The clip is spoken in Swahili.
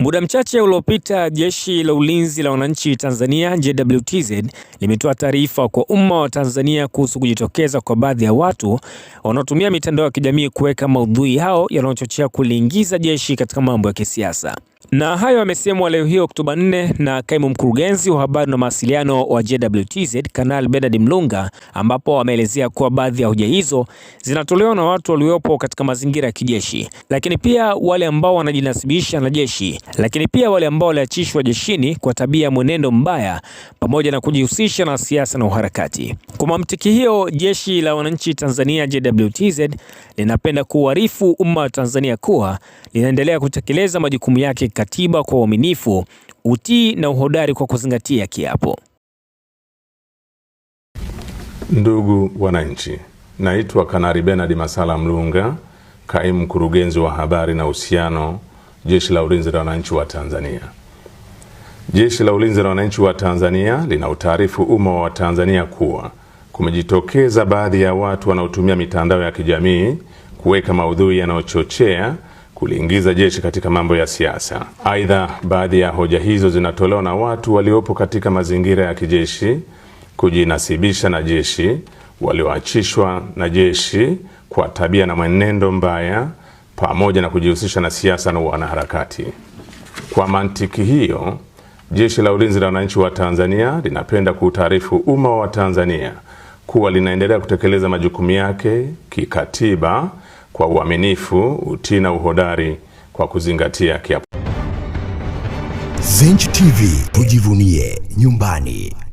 Muda mchache uliopita jeshi la ulinzi la wananchi Tanzania JWTZ limetoa taarifa kwa umma wa Tanzania kuhusu kujitokeza kwa baadhi ya watu wanaotumia mitandao ya kijamii kuweka maudhui yao yanayochochea kuliingiza jeshi katika mambo ya kisiasa. Na hayo amesemwa leo hii Oktoba 4 na kaimu mkurugenzi wa habari na mawasiliano wa JWTZ Kanali Bedad Mlunga, ambapo wameelezea kuwa baadhi ya hoja hizo zinatolewa na watu waliopo katika mazingira ya kijeshi, lakini pia wale ambao wanajinasibisha na jeshi, lakini pia wale ambao waliachishwa jeshini kwa tabia ya mwenendo mbaya pamoja na kujihusisha na siasa na uharakati. Kwa mantiki hiyo, jeshi la wananchi Tanzania JWTZ linapenda kuuarifu umma wa Tanzania kuwa linaendelea kutekeleza majukumu yake katiba kwa uaminifu, utii na uhodari kwa kuzingatia kiapo. Ndugu wananchi, naitwa Kanari Benard Masala Mlunga, kaimu mkurugenzi wa habari na uhusiano, Jeshi la Ulinzi la Wananchi wa Tanzania. Jeshi la Ulinzi la Wananchi wa Tanzania lina utaarifu umma wa Watanzania kuwa kumejitokeza baadhi ya watu wanaotumia mitandao ya kijamii kuweka maudhui yanayochochea kuliingiza jeshi katika mambo ya siasa. Aidha, baadhi ya hoja hizo zinatolewa na watu waliopo katika mazingira ya kijeshi, kujinasibisha na jeshi, walioachishwa na jeshi kwa tabia na mwenendo mbaya, pamoja na kujihusisha na siasa na wanaharakati. Kwa mantiki hiyo, Jeshi la Ulinzi la Wananchi wa Tanzania linapenda kuutaarifu umma wa Tanzania kuwa linaendelea kutekeleza majukumu yake kikatiba kwa uaminifu, utii na uhodari kwa kuzingatia kiapo. Zenj TV tujivunie nyumbani.